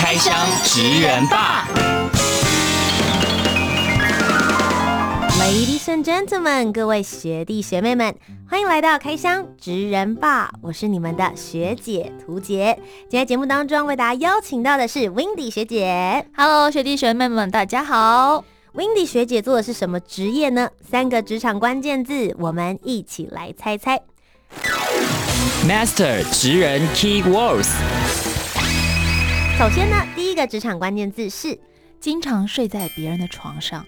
開箱職人吧！Ladies and gentlemen，各位學弟學妹們，歡迎來到開箱職人吧！我是你們的學姐屠潔。今天節目當中為大家邀請到的是 Windy 學姐。Hello，學弟學妹們，大家好。Windy 學姐做的是什麼職業呢？三個職場關鍵字，我們一起來猜猜。Master 職人 Key Words。首先呢，第一個職場關鍵字是經常睡在別人的床上。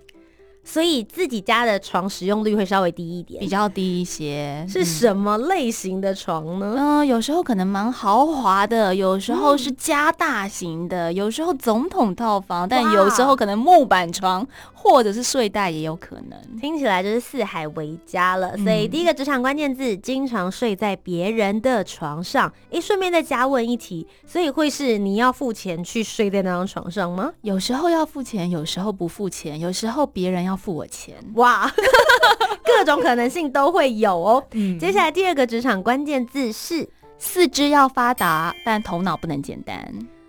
所以自己家的床使用率會稍微低一點，比較低一些。是什麼類型的床呢？嗯、呃，有時候可能蠻豪華的，有時候是加大型的，嗯、有時候總統套房，但有時候可能木板床或者是睡袋也有可能。聽起來就是四海為家了。所以第一個職場關鍵字：經常睡在別人的床上。哎，順便再加問一題：所以會是你要付錢去睡在那張床上嗎？有時候要付錢，有時候不付錢，有時候別人要付錢。付我錢哇，呵呵，各種可能性都會有哦。 接下來第二個職場 關鍵字是四肢要發達，但頭腦不能簡單。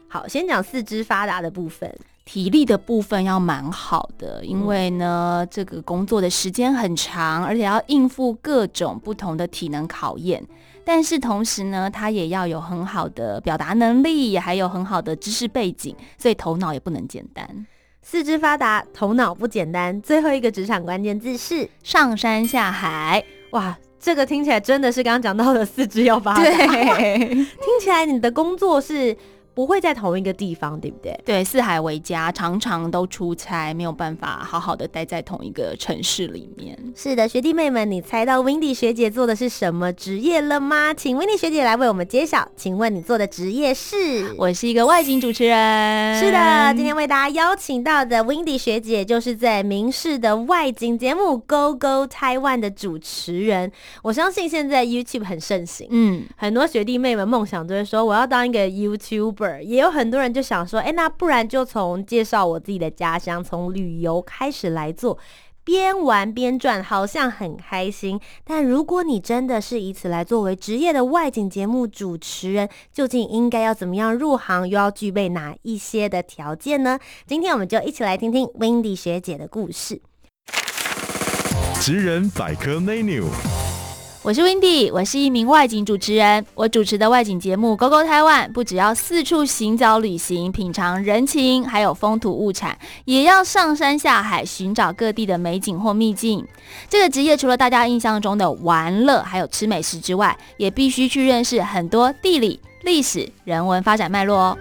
好，先講四肢發達的部分，體力的部分要蠻好的，因為呢，嗯、這個工作的時間很長，而且要應付各種不同的體能考驗。但是同時呢，他也要有很好的表達能力，也還有很好的知識背景，所以頭腦也不能簡單。四肢發達，頭腦不簡單。最後一個職場關鍵字是上山下海。哇，這個聽起來真的是剛剛講到的四肢要發達。對，啊、 聽起來你的工作是，不會在同一個地方，對不對？對，四海為家，常常都出差，沒有辦法好好的待在同一個城市裡面。是的，學弟妹們，你猜到 Windy 學姐做的是什麼職業了嗎？請 Windy 學姐來為我們揭曉。請問你做的職業是？我是一個外景主持人。 是的，今天為大家邀請到的 Windy 學姐，就是在民視的外景節目《Go Go Taiwan》的主持人。我相信現在 YouTube 很盛行，嗯，很多學弟妹們夢想都是說，我要當一個 YouTube。也有很多人就想說，哎、欸，那不然就從介紹我自己的家鄉，從旅遊開始來做，邊玩邊轉，好像很開心。但如果你真的是以此來作為職業的外景節目主持人，究竟應該要怎麼樣入行，又要具備哪一些的條件呢？今天我們就一起來聽聽 Windy 學姐的故事。職人百科 menu。我是 Windy 我是一名外景主持人。我主持的外景節目《Go Go Taiwan》不只要四處行腳旅行、品嘗人情，還有風土物產，也要上山下海尋找各地的美景或秘境。這個職業除了大家印象中的玩樂，還有吃美食之外，也必須去認識很多地理、歷史、人文發展脈絡哦。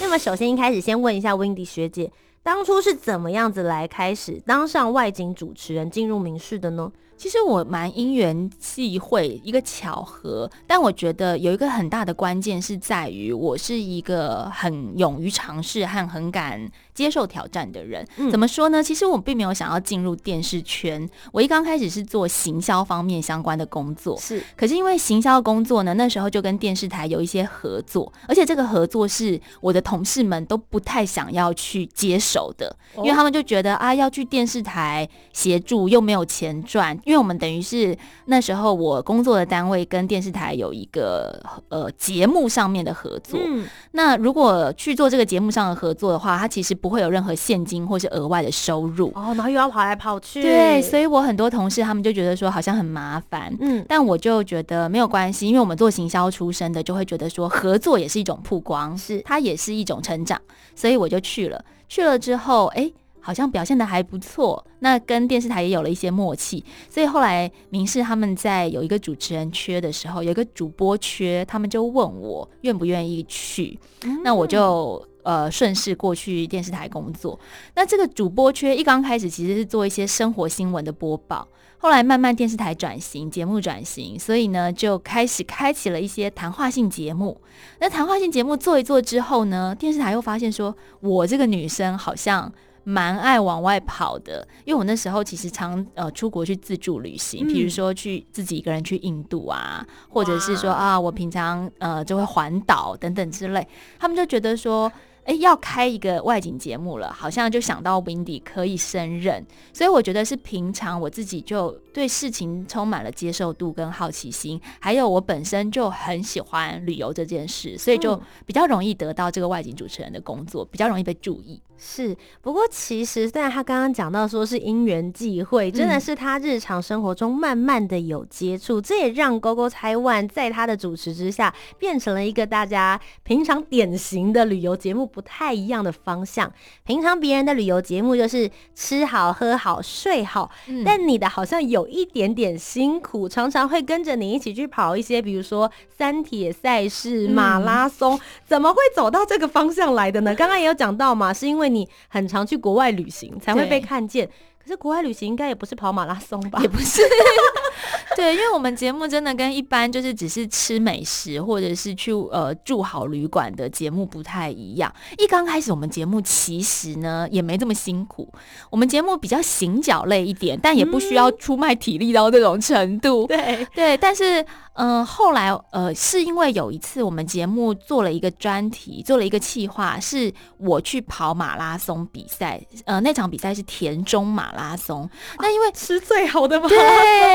那麼，首先一開始先問一下 Windy 學姐。當初是怎麼樣子來開始當上外景主持人，進入民視的呢？其實我蠻因緣際會一個巧合，但我覺得有一個很大的關鍵是在於我是一個很勇於嘗試和很敢接受挑戰的人。嗯，怎麼說呢？其實我並沒有想要進入電視圈，我一剛開始是做行銷方面相關的工作。是，可是因為行銷工作呢，那時候就跟電視台有一些合作，而且這個合作是我的同事們都不太想要去接手的，因為他們就覺得，哦，啊，要去電視台協助又沒有錢賺。因為我們等於是那時候我工作的單位跟電視台有一個呃節目上面的合作，嗯、那如果去做這個節目上的合作的話，它其實不會有任何現金或是額外的收入哦，然後又要跑來跑去，對，所以我很多同事他們就覺得說好像很麻煩，嗯，但我就覺得沒有關係，因為我們做行銷出身的，就會覺得說合作也是一種曝光，是它也是一種成長，所以我就去了，去了之後，哎、欸。好像表現得還不錯，那跟電視台也有了一些默契，所以後來民視他們在有一個主持人缺的時候，有一個主播缺，他們就問我願不願意去，那我就呃順勢過去電視台工作。那這個主播缺一剛開始其實是做一些生活新聞的播報，後來慢慢電視台轉型，節目轉型，所以呢就開始開啟了一些談話性節目。那談話性節目做一做之後呢，電視台又發現說，我這個女生好像。蠻愛往外跑的，因為我那時候其實常呃出國去自助旅行，譬、嗯、如說去自己一個人去印度啊，或者是說啊，我平常呃就會環島等等之類。他們就覺得說，哎、欸，要開一個外景節目了，好像就想到 Windy 可以勝任。所以我覺得是平常我自己就對事情充滿了接受度跟好奇心，還有我本身就很喜歡旅遊這件事，所以就比較容易得到這個外景主持人的工作，比較容易被注意。是，不過其實，但他剛剛講到說，是因緣際會，真的是他日常生活中慢慢的有接觸，嗯、這也讓 GoGoTaiwan 在他的主持之下，變成了一個大家平常典型的旅遊節目不太一樣的方向。平常別人的旅遊節目就是吃好喝好睡好，嗯、但你的好像有一點點辛苦，常常會跟着你一起去跑一些，比如說三鐵賽事、馬拉松，嗯、怎麼會走到這個方向來的呢？剛剛也有講到嘛， 是因為。你很常去國外旅行，才會被看見。是國外旅行應該也不是跑馬拉松吧？也不是， 對，因為我們節目真的跟一般就是只是吃美食或者是去呃住好旅館的節目不太一樣。一剛開始我們節目其實呢也沒這麼辛苦，我們節目比較行腳類一點，但也不需要出賣體力到這種程度。嗯、對對，但是嗯、呃，後來呃是因為有一次我們節目做了一個專題，做了一個企劃，是我去跑馬拉松比賽。呃，那場比賽是田中馬拉松。馬拉松，那因為吃、啊、最好的馬拉松。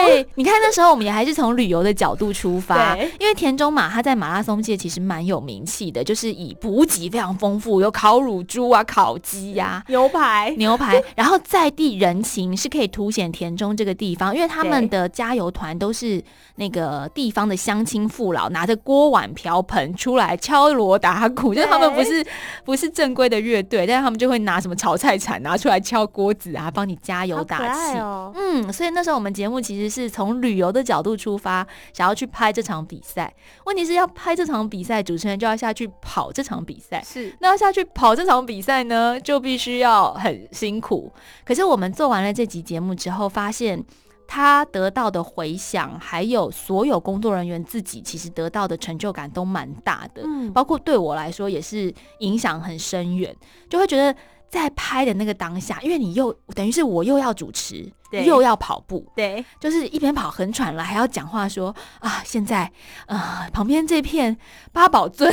對， 你看那時候我們也還是從旅遊的角度出發，對因為田中馬它在馬拉松界其實蠻有名氣的，就是以補給非常豐富，有烤乳豬啊、烤雞呀、啊、牛排、牛排， 然後在地人情是可以凸顯田中這個地方，因為他們的加油團都是那個地方的鄉親父老拿着鍋碗瓢盆出來敲鑼打鼓，對就是他們不是不是正規的樂隊，但是他們就會拿什麼炒菜鏟拿出來敲鍋子啊，幫你。加油打氣，哦、嗯，所以那時候我們節目其實是從旅遊的角度出發，想要去拍這場比賽。問題是要拍這場比賽，主持人就要下去跑這場比賽。是，那要下去跑這場比賽呢，就必須要很辛苦。可是我們做完了這集節目之後，發現他得到的回響，還有所有工作人員自己其實得到的成就感都蠻大的，嗯、包括對我來說也是影響很深遠，就會覺得。在拍的那個當下，因為你又等於是我又要主持，對又要跑步，對，就是一邊跑很喘了，還要講話說啊，現在啊、呃，旁邊這片八堡圳、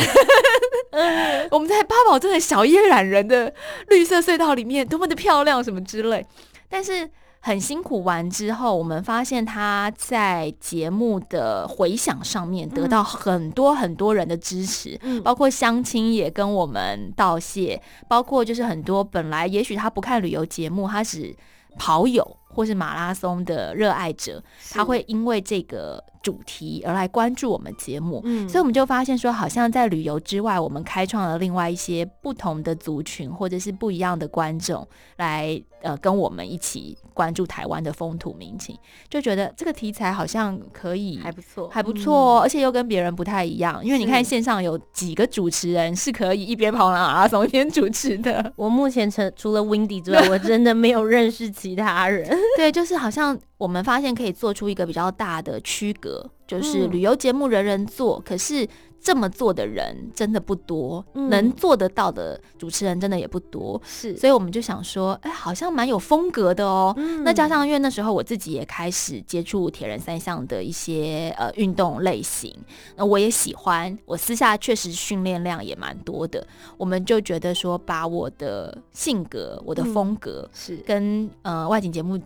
嗯，我們在八堡圳的小葉欖仁的綠色隧道裡面，多麼的漂亮，什麼之類，但是。很辛苦完之後，我們發現他在節目的回響上面得到很多很多人的支持，嗯、包括鄉親也跟我們道謝，包括就是很多本來也許他不看旅遊節目，他是跑友。或是馬拉松的熱愛者，是他會因為這個主題而來關注我們節目，嗯、所以我們就發現說，好像在旅遊之外，我們開創了另外一些不同的族群，或者是不一樣的觀眾來呃跟我們一起關注台灣的風土民情，就覺得這個題材好像可以還不錯，還不錯、哦，嗯、而且又跟別人不太一樣。因為你看線上有幾個主持人是可以一邊跑完馬拉松一邊主持的？ 我目前成，除了 Windy 之外，我真的沒有認識其他人。 對，就是好像我們發現可以做出一個比較大的區隔，就是旅遊節目人人做，嗯、可是。這麼做的人真的不多，嗯、能做得到的主持人真的也不多，是，所以我們就想說，哎、欸，好像蠻有風格的哦、喔。嗯、那加上因為那時候我自己也開始接觸鐵人三項的一些呃運動類型，那、呃、我也喜歡，我私下確實訓練量也蠻多的。我們就覺得說，把我的性格、我的風格、嗯、是跟呃外景節目。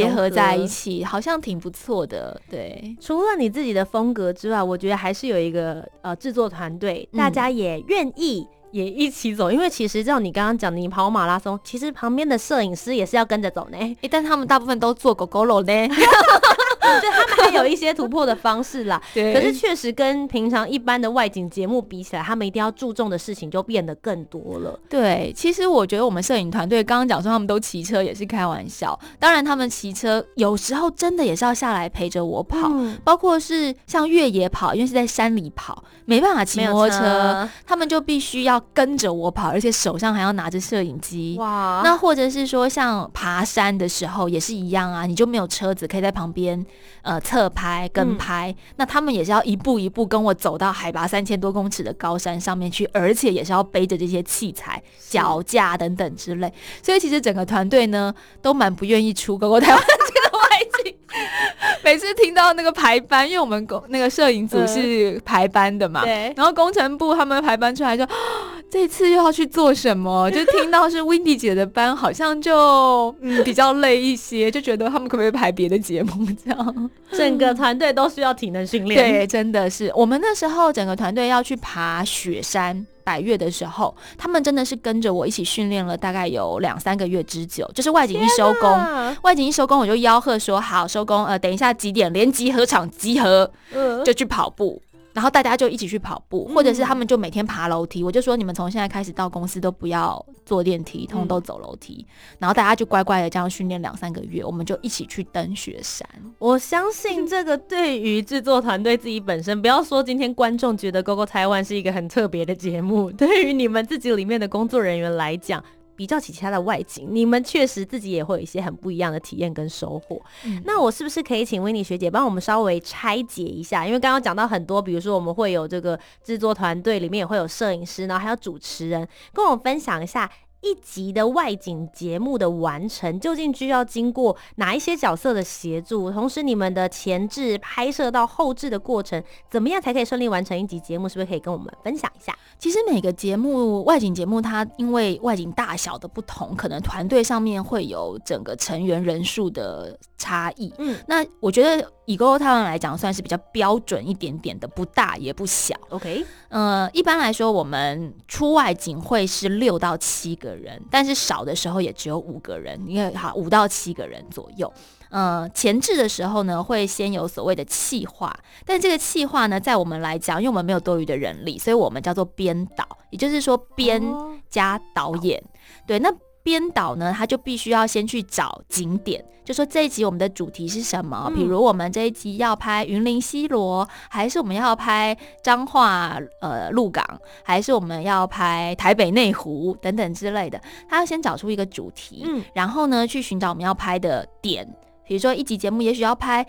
結合在一起，格好像挺不錯的。對，除了你自己的風格之外，我覺得還是有一個呃製作團隊，嗯、大家也願意也一起走。因為其實像你剛剛講的，你跑馬拉松，其實旁邊的攝影師也是要跟着走呢、欸。但他們大部分都做 GoGo 呢。 對， 他們還有一些突破的方式啦， 對。可是確實跟平常一般的外景節目比起來，他們一定要注重的事情就變得更多了。對，其實我覺得我們攝影團隊剛剛講說他們都騎車也是開玩笑，當然他們騎車有時候真的也是要下來陪着我跑，嗯、包括是像越野跑，因為是在山裡跑，沒辦法騎摩托車，車他們就必須要跟着我跑，而且手上還要拿着攝影機。哇，那或者是說像爬山的時候也是一樣啊，你就沒有車子可以在旁邊。呃，側拍、跟拍，嗯、那他們也是要一步一步跟我走到海拔三千多公尺的高山上面去，而且也是要背着這些器材、腳是架等等之類，所以其實整個團隊呢，都蠻不願意出 GoGoTaiwan 的這個外景。 每次聽到那個排班，因為我們工那個攝影組是排班的嘛，嗯、對。然後工程部他們排班出來說，這次又要去做什麼？ 就聽到是 Windy 姐的班，好像就嗯比較累一些，嗯、就覺得他們可不可以排別的節目？這樣，整個團隊都需要體能訓練、嗯。對，真的是。我們那時候整個團隊要去爬雪山、百岳的時候，他們真的是跟着我一起訓練了大概有兩三個月之久。就是外景一收工，哪外景一收工，我就吆喝說好收。工呃，等一下幾點？連集合場集合，呃、就去跑步，然後大家就一起去跑步，嗯、或者是他們就每天爬樓梯。我就說，你們從現在開始到公司都不要坐電梯，通通都走樓梯，嗯、然後大家就乖乖的這樣訓練兩三個月，我們就一起去登雪山。我相信這個對於製作團隊自己本身，不要說今天觀眾覺得《Go Go Taiwan》是一個很特別的節目，對於你們自己裡面的工作人員來講，比較起其他的外景，你們確實自己也會有一些很不一樣的體驗跟收穫。嗯。那我是不是可以請 Windy 學姐幫我們稍微拆解一下？因為剛剛講到很多，比如說我們會有這個制作團隊裡面也會有攝影師，然後還有主持人，跟我們分享一下。一集的外景節目的完成，究竟需要經過哪一些角色的協助？同時，你們的前置拍攝到後置的過程，怎麼樣才可以順利完成一集節目？是不是可以跟我們分享一下？其實每個節目外景節目，它因為外景大小的不同，可能團隊上面會有整個成員人數的差異。嗯，那我覺得以 GoGoTaiwan 來講，算是比較標準一點點的，不大也不小。OK，呃，一般來說，我們出外景會是六到七個。人，但是少的時候也只有五個人，因為好五到七個人左右。嗯，前置的時候呢，會先有所謂的企劃，但這個企劃呢，在我們來講，因為我們沒有多餘的人力，所以我們叫做編導，也就是說編加導演。對，那。編導呢，他就必須要先去找景點，就說這一集我們的主題是什麼？比、嗯、如我們這一集要拍雲林西螺，還是我們要拍彰化，呃鹿港，還是我們要拍台北內湖等等之類的，他要先找出一個主題，嗯、然後呢去尋找我們要拍的點，比如說一集節目也許要拍。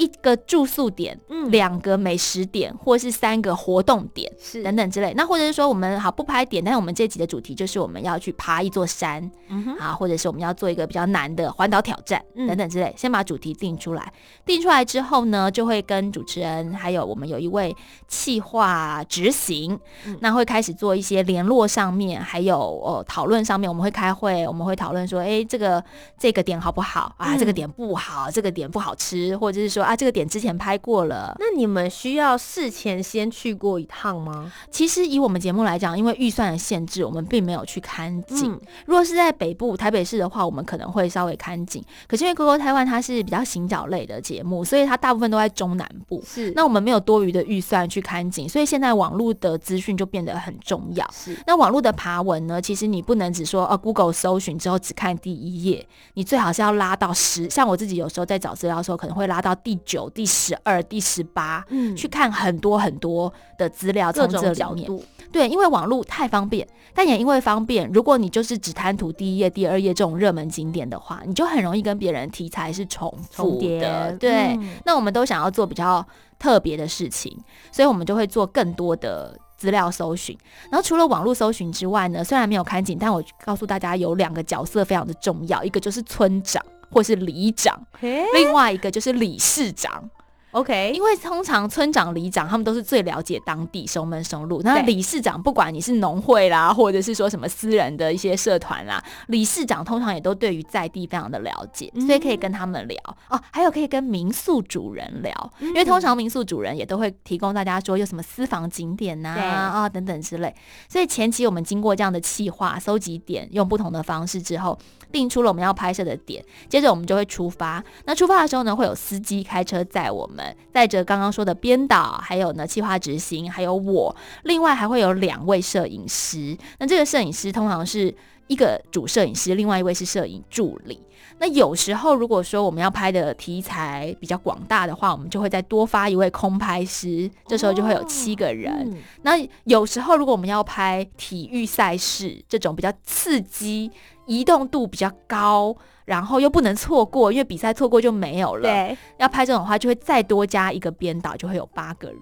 一個住宿點，嗯，兩個美食點，或是三個活動點，是等等之類。那或者是說，我們好不拍點，但是我們這集的主題就是我們要去爬一座山，嗯哼、啊，或者是我們要做一個比較難的環島挑戰，嗯、等等之類。先把主題定出來，定出來之後呢，就會跟主持人還有我們有一位企劃執行，嗯、那會開始做一些聯絡上面，還有呃討論上面，我們會開會，我們會討論說，哎、欸，這個這個點好不好啊？嗯、這個點不好，這個點不好吃，或者是說。啊，這個點之前拍過了。那你們需要事前先去過一趟嗎？其實以我們節目來講，因為預算的限制，我們並沒有去看景。如果、嗯、是在北部台北市的話，我們可能會稍微看景。可是因為《GoGoTaiwan》它是比較行腳類的節目，所以它大部分都在中南部。是，那我們沒有多餘的預算去看景，所以現在網絡的資訊就變得很重要。是，那網絡的爬文呢？其實你不能只說哦、啊、，Google 搜尋之後只看第一頁，你最好是要拉到十。像我自己有時候在找資料的時候，可能會拉到第九、第十二、第十八，嗯、去看很多很多的資料，從這個角度，對，因為網絡太方便，但也因為方便，如果你就是只貪圖第一頁、第二頁這種熱門景點的話，你就很容易跟別人題材是重複的。重疊，對，嗯、那我們都想要做比較特別的事情，所以我們就會做更多的資料搜尋。然後除了網絡搜尋之外呢，雖然沒有看景，但我告訴大家有兩個角色非常的重要，一個就是村長。或是里長，嘿另外一個就是理事長。OK，因為通常村長、里長他們都是最了解當地熟門熟路。那對理事長不管你是農會啦，或者是說什麼私人的一些社團啦，理事長通常也都對於在地非常的了解，嗯、所以可以跟他們聊哦。還有可以跟民宿主人聊，嗯嗯，因為通常民宿主人也都會提供大家說有什麼私房景點吶啊對、哦、等等之類。所以前期我們經過這樣的企劃、蒐集點，用不同的方式之後，定出了我們要拍攝的點，接着我們就會出發。那出發的時候呢，會有司機開車載我們。帶着剛剛說的編導，還有呢企劃執行，還有我，另外還會有兩位攝影師。那這個攝影師通常是一個主攝影師，另外一位是攝影助理。那有時候如果說我們要拍的題材比較廣大的話，我們就會再多發一位空拍師，這時候就會有七個人。哦嗯、那有時候如果我們要拍體育賽事這種比較刺激、移動度比較高。然後又不能錯過，因為比賽錯過就沒有了。對，要拍這種的話，就會再多加一個編導，就會有八個人。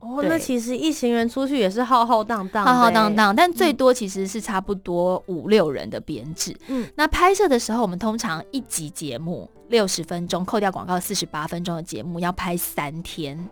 哦，對那其實一行人出去也是浩浩蕩蕩蕩的，浩浩蕩蕩。但最多其實是差不多五六人的編制。嗯，那拍攝的時候，我們通常一集節目六十分鐘，扣掉廣告四十八分鐘的節目要拍三天。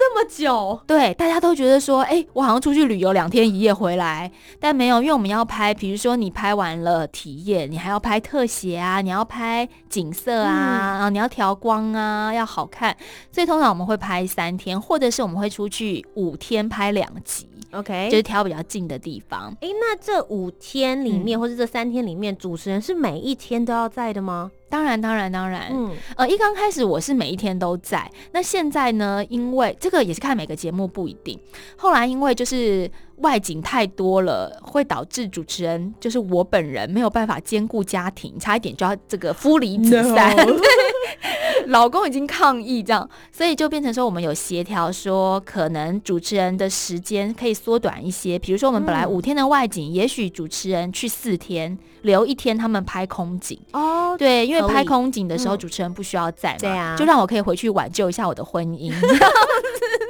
這麼久，對，大家都覺得說，哎、欸，我好像出去旅遊兩天一夜回來，但沒有，因為我們要拍，比如說你拍完了體驗，你還要拍特寫啊，你要拍景色啊，嗯、然後你要調光啊，要好看，所以通常我們會拍三天，或者是我們會出去五天拍兩集，OK，就是挑比較近的地方。哎、欸，那這五天裡面，或是這三天裡面，嗯、主持人是每一天都要在的嗎？當然，當然，當然。嗯，呃，一剛開始我是每一天都在。那現在呢？因為這個也是看每個節目不一定。後來因為就是外景太多了，會導致主持人就是我本人沒有辦法兼顧家庭，差一點就要這個夫離子散。No. 老公已經抗議這樣，所以就變成說我們有協調說，可能主持人的時間可以縮短一些。比如說，我們本來五天的外景，嗯、也許主持人去四天，留一天他們拍空景。哦，對，因為拍空景的時候主持人不需要在嘛、嗯、對啊，就讓我可以回去挽救一下我的婚姻這樣子。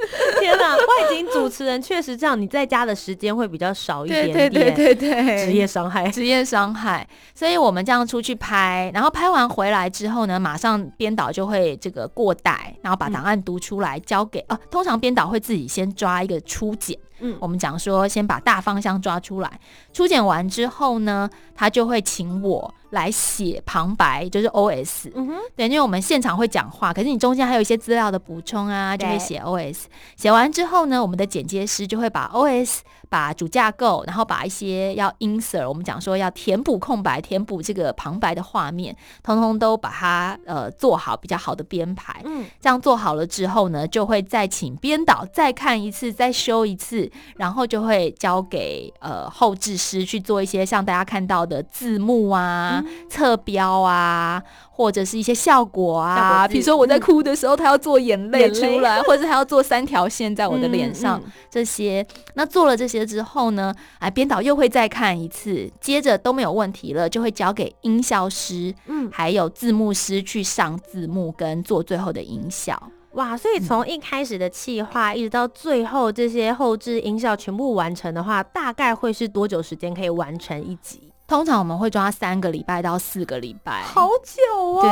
外景主持人確實這樣，你在家的時間會比較少一點點。 對對對，職業傷害，職 業傷害。所以我們這樣出去拍，然後拍完回來之後呢，馬上編導就會這個過帶，然後把檔案讀出來交給哦。嗯啊、通常編導會自己先抓一個初剪。嗯，我們講說先把大方向抓出來。初剪完之後呢，他就會請我，來寫旁白，就是 O.S.，、嗯、哼對，因為我們現場會講話，可是你中間還有一些資料的補充啊，就會寫 O.S. 對寫完之後呢，我們的剪接師就會把 O.S. 把主架構，然後把一些要 insert，我們講說要填補空白，填補這個旁白的畫面，通通都把它呃做好比較好的編排。嗯，這樣做好了之後呢，就會再請編導再看一次，再修一次，然後就會交給呃後製師去做一些像大家看到的字幕啊、嗯、側標啊，或者是一些效果啊，果嗯、比如說我在哭的時候，嗯、他要做眼淚出來，淚或者他要做三條線在我的臉上，嗯嗯、這些。那做了這些。之後呢，哎，編導又會再看一次，接着都沒有問題了，就會交給音效師，嗯，還有字幕師去上字幕跟做最後的音效。哇，所以從一開始的企劃一直到最後，這些後製音效全部完成的話，大概會是多久時間可以完成一集？通常我們會抓三個禮拜到四個禮拜。好久哦。對，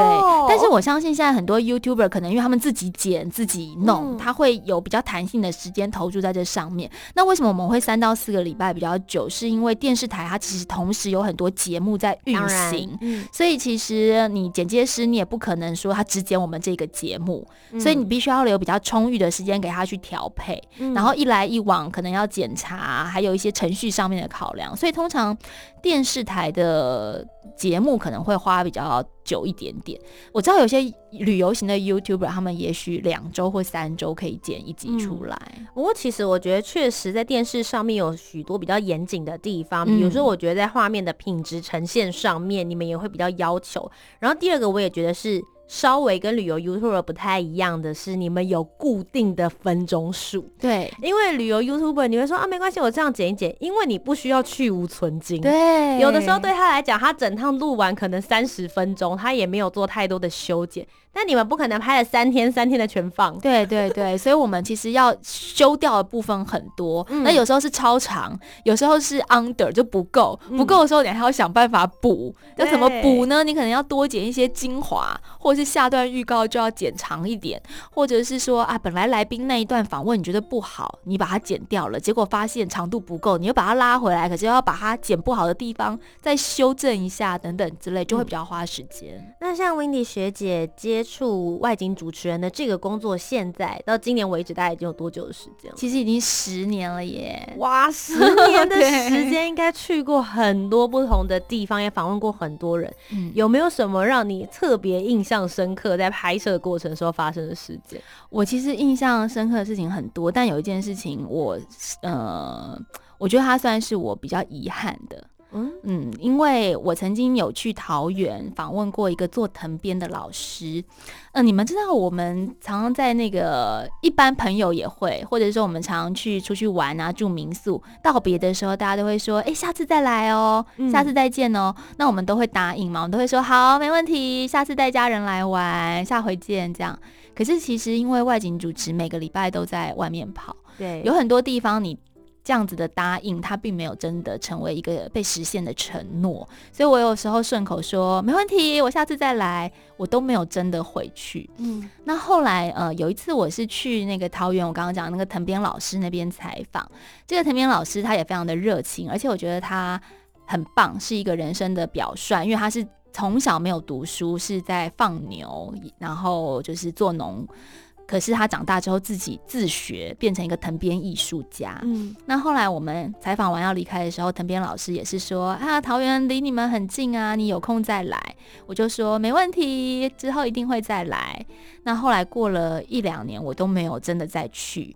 但是我相信現在很多 YouTuber 可能因為他們自己剪自己弄，嗯、他會有比較彈性的時間投注在這上面。那為什麼我們會三到四個禮拜比較久？是因為電視台它其實同時有很多節目在運行，嗯，所以其實你剪接師你也不可能說他只剪我們這個節目，所以你必須要留比較充裕的時間給他去調配，嗯、然後一來一往可能要檢查，還有一些程序上面的考量。所以通常電視。台的節目可能會花比較久一點點。我知道有些旅遊型的 YouTuber，他們也許兩週或三週可以剪一集出來，嗯。不過，其實我覺得確實在電視上面有許多比較嚴謹的地方。有時候我覺得在畫面的品質呈現上面，嗯、你們也會比較要求。然後第二個，我也覺得是。稍微跟旅遊 YouTuber 不太一樣的是，你們有固定的分鐘數。對，因為旅遊 YouTuber，你會說啊，沒關係，我這樣剪一剪。因為你不需要去蕪存菁。對，有的時候對他來講，他整趟錄完可能三十分鐘，他也沒有做太多的修剪。那你們不可能拍了三天，三天的全放。對對對， 所以我們其實要修掉的部分很多。嗯、那有時候是超長，有時候是 under 就不夠，嗯、不夠的時候你還要想辦法補。嗯、那怎麼補呢？你可能要多剪一些精華，或者是下段預告就要剪長一點，或者是說啊，本來來賓那一段訪問你覺得不好，你把它剪掉了，結果發現長度不夠，你又把它拉回來，可是要把它剪不好的地方再修正一下，等等之類，就會比較花時間，嗯。那像 Windy 學姐姐。接觸外景主持人的這個工作，現在到今年為止，大概已經有多久的時間了？其實已經十年了耶！哇塞，十年的時間，應該去過很多不同的地方，Okay 也訪問過很多人。嗯，有沒有什麼讓你特別印象深刻，在拍攝過程時候發生的事件？我其實印象深刻的事情很多，但有一件事情我，我呃，我覺得它算是我比較遺憾的。嗯嗯，因為我曾經有去桃園訪問過一個做藤編的老師，嗯、呃，你們知道我們常常在那個一般朋友也會，或者說我們常常去出去玩啊，住民宿，道別的時候大家都會說，哎、欸，下次再來哦、喔，下次再見哦、喔，嗯、那我們都會答應嘛，我們都會說好，沒問題，下次帶家人來玩，下回見這樣。可是其實因為外景主持每個禮拜都在外面跑，對，有很多地方你。這樣子的答應，他並沒有真的成為一個被實現的承諾，所以我有時候順口說沒問題，我下次再來，我都沒有真的回去。嗯，那後來呃有一次我是去那個桃園，我剛剛講那個藤編老師那邊採訪，這個藤編老師他也非常的熱情，而且我覺得他很棒，是一個人生的表率，因為他是從小沒有讀書，是在放牛，然後就是做農。可是他長大之後自己自學，變成一個藤編藝術家。嗯，那後來我們採訪完要離開的時候，藤編老師也是說：“啊，桃園離你們很近啊，你有空再來。”我就說：“沒問題，之後一定會再來。”那後來過了一兩年，我都沒有真的再去。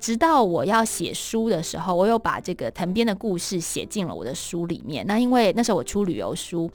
直到我要寫書的時候，我又把這個藤編的故事寫進了我的書裡面。那因為那時候我出旅遊書。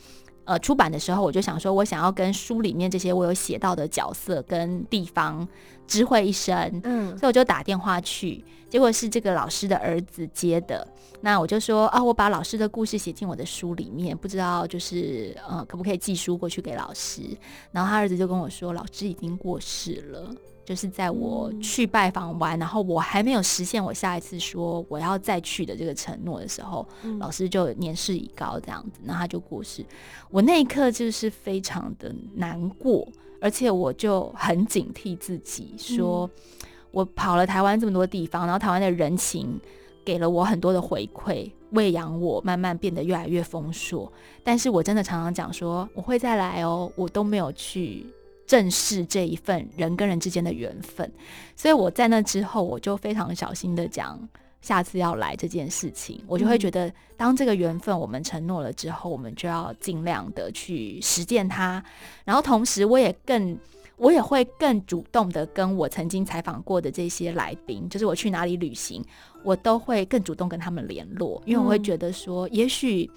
呃，出版的時候我就想說，我想要跟書裡面這些我有寫到的角色跟地方知會一聲，嗯，所以我就打電話去，結果是這個老師的兒子接的，那我就說啊，我把老師的故事寫進我的書裡面，不知道就是呃，可不可以寄書過去給老師，然後他兒子就跟我說，老師已經過世了。就是在我去拜訪完，嗯、然後我還沒有實現我下一次說我要再去的這個承諾的時候，嗯、老師就年事已高這樣子，然後他就過世。我那一刻就是非常的難過，而且我就很警惕自己說，說、嗯、我跑了台灣這麼多地方，然後台灣的人情給了我很多的回饋，餵養我，慢慢變得越來越豐碩。但是我真的常常講說我會再來哦，我都沒有去。正視這一份人跟人之間的緣分，所以我在那之後，我就非常小心的講，下次要來這件事情，我就會覺得，當這個緣分我們承諾了之後，我們就要盡量的去實踐它。然後同時，我也更，我也會更主動的跟我曾經採訪過的這些來賓，就是我去哪裡旅行，我都會更主動跟他們聯絡，因為我會覺得說，也許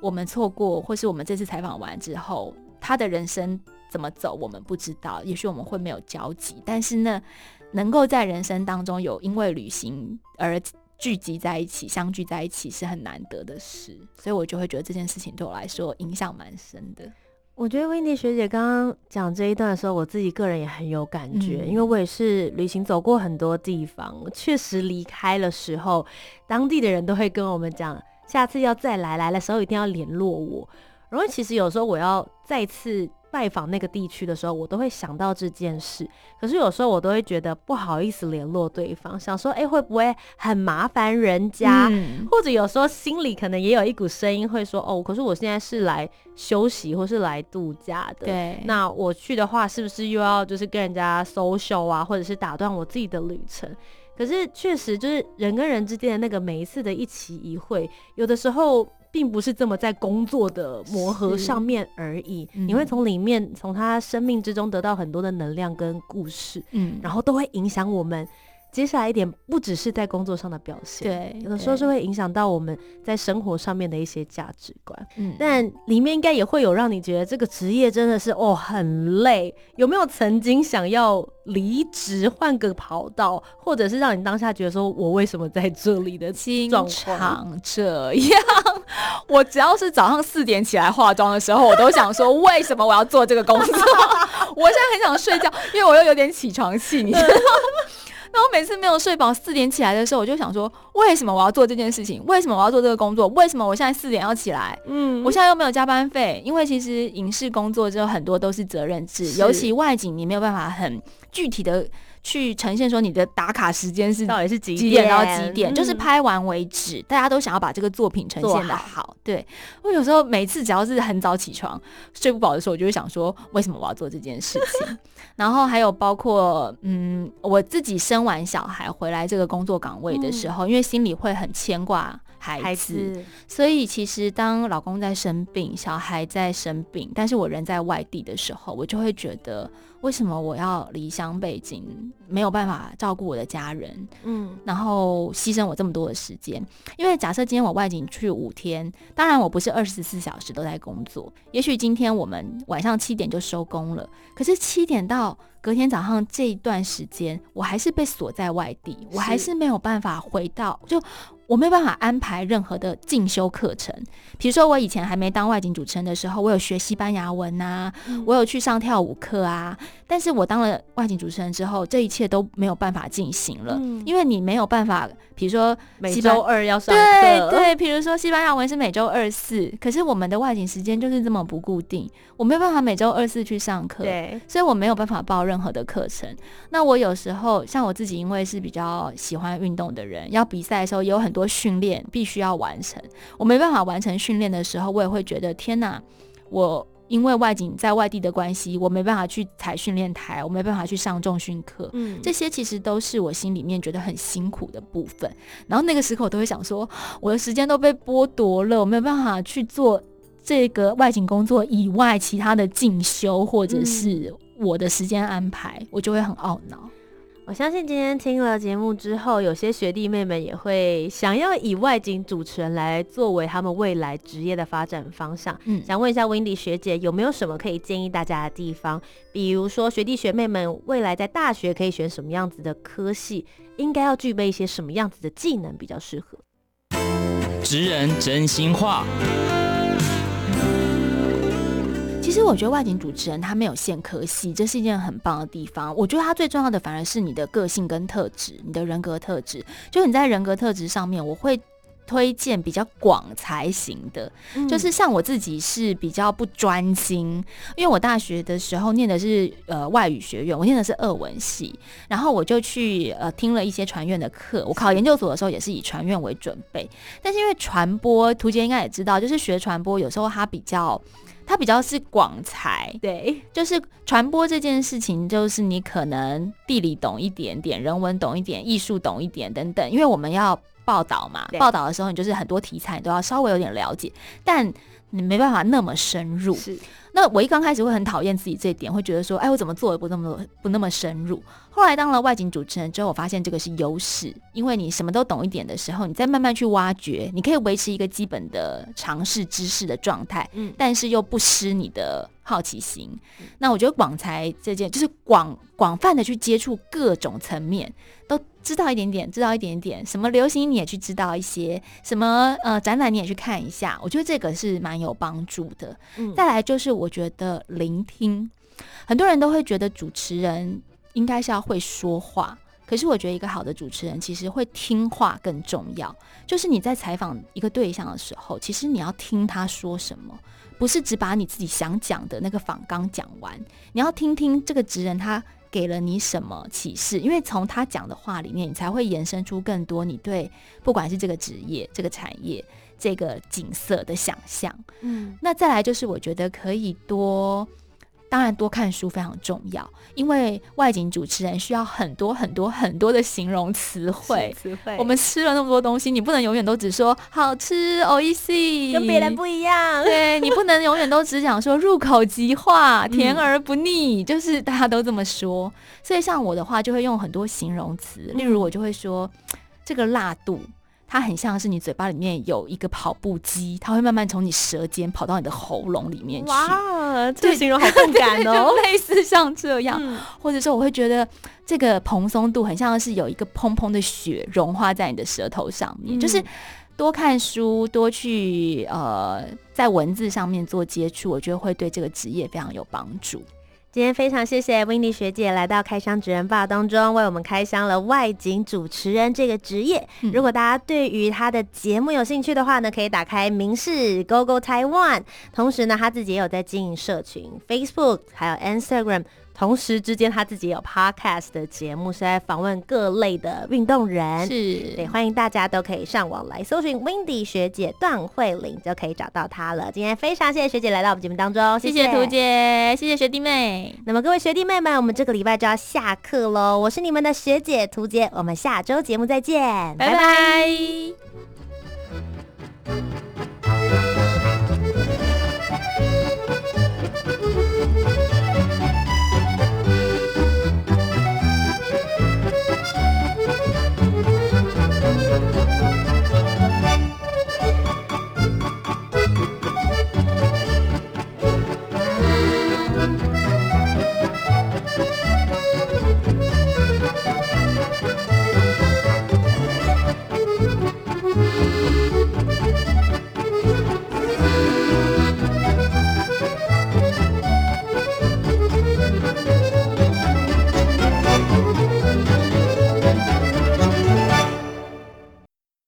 我們錯過，或是我們這次採訪完之後，他的人生。怎麼走，我們不知道。也許我們會沒有交集，但是呢，能夠在人生當中有因為旅行而聚集在一起，相聚在一起，是很難得的事。所以我就會覺得這件事情對我來說影響蠻深的。我覺得 Windy 學姐剛剛講這一段的時候，我自己個人也很有感覺，嗯、因為我也是旅行走過很多地方，我確實離開的時候，當地的人都會跟我們講，下次要再來，來的時候一定要聯絡我。然後其實有時候我要再次。拜訪那個地區的時候，我都會想到這件事。可是有時候我都會覺得不好意思聯絡對方，想說，哎、欸，會不會很麻煩人家？嗯、或者有時候心裡可能也有一股聲音會說，哦，可是我現在是來休息或是來度假的。對，那我去的話，是不是又要就是跟人家 social 啊，或者是打斷我自己的旅程？可是確實就是人跟人之間的那個每一次的一期一會，有的時候。並不是這麼在工作的磨合上面而已，你會從裡面、從他生命之中得到很多的能量跟故事，嗯，然後都會影響我們。接下來一點不只是在工作上的表現，對，有的時候是會影響到我們在生活上面的一些價值觀。嗯，但裡面應該也會有讓你覺得這個職業真的是哦很累，有沒有曾經想要離職換個跑道，或者是讓你當下覺得說我為什麼在這裡的狀況？經常這樣，我只要是早上四點起來化妝的時候，我都想說為什麼我要做這個工作？ 我現在很想睡覺，因為我又有點起床氣，你知道嗎？ 那我每次沒有睡飽，四點起來的時候，我就想說：為什麼我要做這件事情？為什麼我要做這個工作？為什麼我現在四點要起來？嗯，我現在又沒有加班費。因為其實影視工作就很多都是責任制，是尤其外景你沒有辦法很具體的去呈現說你的打卡時間是到底是幾點到幾點，嗯、就是拍完為止。大家都想要把這個作品呈現得好。好對，我有時候每次只要是很早起床睡不飽的時候，我就會想說：為什麼我要做這件事情？ 然後還有包括，嗯，我自己生完小孩回來這個工作崗位的時候，嗯，因為心裡會很牽掛。孩子，所以其實當老公在生病，小孩在生病，但是我人在外地的時候，我就會覺得，為什麼我要離鄉背井，沒有辦法照顧我的家人？嗯，然後犧牲我這麼多的時間，因為假設今天我外景去五天，當然我不是二十四小時都在工作，也許今天我們晚上七點就收工了，可是七點到隔天早上這一段時間，我還是被鎖在外地，是我還是沒有辦法回到，就我沒有辦法安排任何的進修課程。比如說，我以前還沒當外景主持人的時候，我有學西班牙文啊，嗯、我有去上跳舞課啊。但是我當了外景主持人之後，這一切都沒有辦法進行了，嗯、因為你沒有辦法，比如說每週二要上課，對對，比如說西班牙文是每週二四，可是我們的外景時間就是這麼不固定。我沒有辦法每周二四去上課，對所以我沒有辦法報任何的課程。那我有時候像我自己，因為是比較喜歡運動的人，要比賽的時候也有很多訓練必須要完成。我沒辦法完成訓練的時候，我也會覺得天哪！我因為外景在外地的關係，我沒辦法去踩訓練台，我沒辦法去上重訓課。嗯，這些其實都是我心裡面覺得很辛苦的部分。然後那個時候，我都會想說，我的時間都被剝奪了，我沒有辦法去做這個外景工作以外，其他的進修或者是我的時間安排，嗯、我就會很懊惱。我相信今天聽了節目之後，有些學弟妹們也會想要以外景主持人來作為他們未來職業的發展方向。嗯，想問一下 Windy 學姐，有沒有什麼可以建議大家的地方？比如說學弟學妹們未來在大學可以選什麼樣子的科系，應該要具備一些什麼樣子的技能比較適合？職人真心話。其實我覺得外景主持人他沒有限科系，這是一件很棒的地方。我覺得他最重要的反而是你的個性跟特質，你的人格特質。就你在人格特質上面，我會推薦比較廣才型的。嗯、就是像我自己是比較不專心，因為我大學的時候念的是呃外語學院，我念的是日文系，然後我就去呃聽了一些傳院的課。我考研究所的時候也是以傳院為準備，是但是因為傳播，屠潔應該也知道，就是學傳播有時候他比較。它比較是廣才，對，就是傳播這件事情，就是你可能地理懂一點點，人文懂一點，藝術懂一點等等，因為我們要報道嘛，對報道的時候你就是很多題材你都要稍微有點了解，但你沒辦法那麼深入。是，那我一剛開始會很討厭自己這一點，會覺得說，哎，我怎麼做也不那麼不那麼深入？後來當了外景主持人之後，我發現這個是優勢，因為你什麼都懂一點的時候，你再慢慢去挖掘，你可以維持一個基本的常識知識的狀態，但是又不失你的好奇心。嗯、那我覺得廣才這件就是廣廣泛的去接觸各種層面，都知道一點點，知道一點點，什麼流行你也去知道一些，什麼呃展覽你也去看一下，我覺得這個是蠻有幫助的。嗯、再來就是我覺得聆聽，很多人都會覺得主持人。應該是要會說話，可是我覺得一個好的主持人其實會聽話更重要。就是你在採訪一個對象的時候，其實你要聽他說什麼，不是只把你自己想講的那個訪綱講完，你要聽聽這個職人他給了你什麼啟示，因為從他講的話裡面，你才會延伸出更多你對不管是這個職業、這個產業、這個景色的想象。嗯，那再來就是我覺得可以多。當然，多看書非常重要，因為外景主持人需要很多很多很多的形容詞彙。詞彙，我們吃了那麼多東西，你不能永遠都只說好吃，おいしい跟別人不一樣。 對，你不能永遠都只講說入口即化，甜而不膩，嗯、就是大家都這麼說。所以像我的話，就會用很多形容詞，例如我就會說、嗯、這個辣度。它很像是你嘴巴裡面有一個跑步機，它會慢慢從你舌尖跑到你的喉嚨裡面去。哇，對這個形容好動感哦， 類似像這樣，嗯、或者說我會覺得這個蓬鬆度很像是有一個蓬蓬的雪融化在你的舌頭上面。嗯、就是多看書，多去呃在文字上面做接觸，我覺得會對這個職業非常有幫助。今天非常謝謝 Windy 學姐來到《開箱職人吧》當中，為我們開箱了外景主持人這個職業。嗯、如果大家對於他的節目有興趣的話呢，可以打開民視 GoGoTaiwan。同時呢，他自己也有在經營社群 Facebook，還有 Instagram。同時之間，他自己有 podcast 的節目，是在訪問各類的運動人，是，對，歡迎大家都可以上網來搜尋 Windy 學姐段慧琳，就可以找到她了。今天非常謝謝學姐來到我們節目當中，謝謝，謝、謝屠姐，謝謝學弟妹。那麼各位學弟妹們，我們這個禮拜就要下課嘍，我是你們的學姐屠姐，我們下周節目再見，拜拜。拜拜。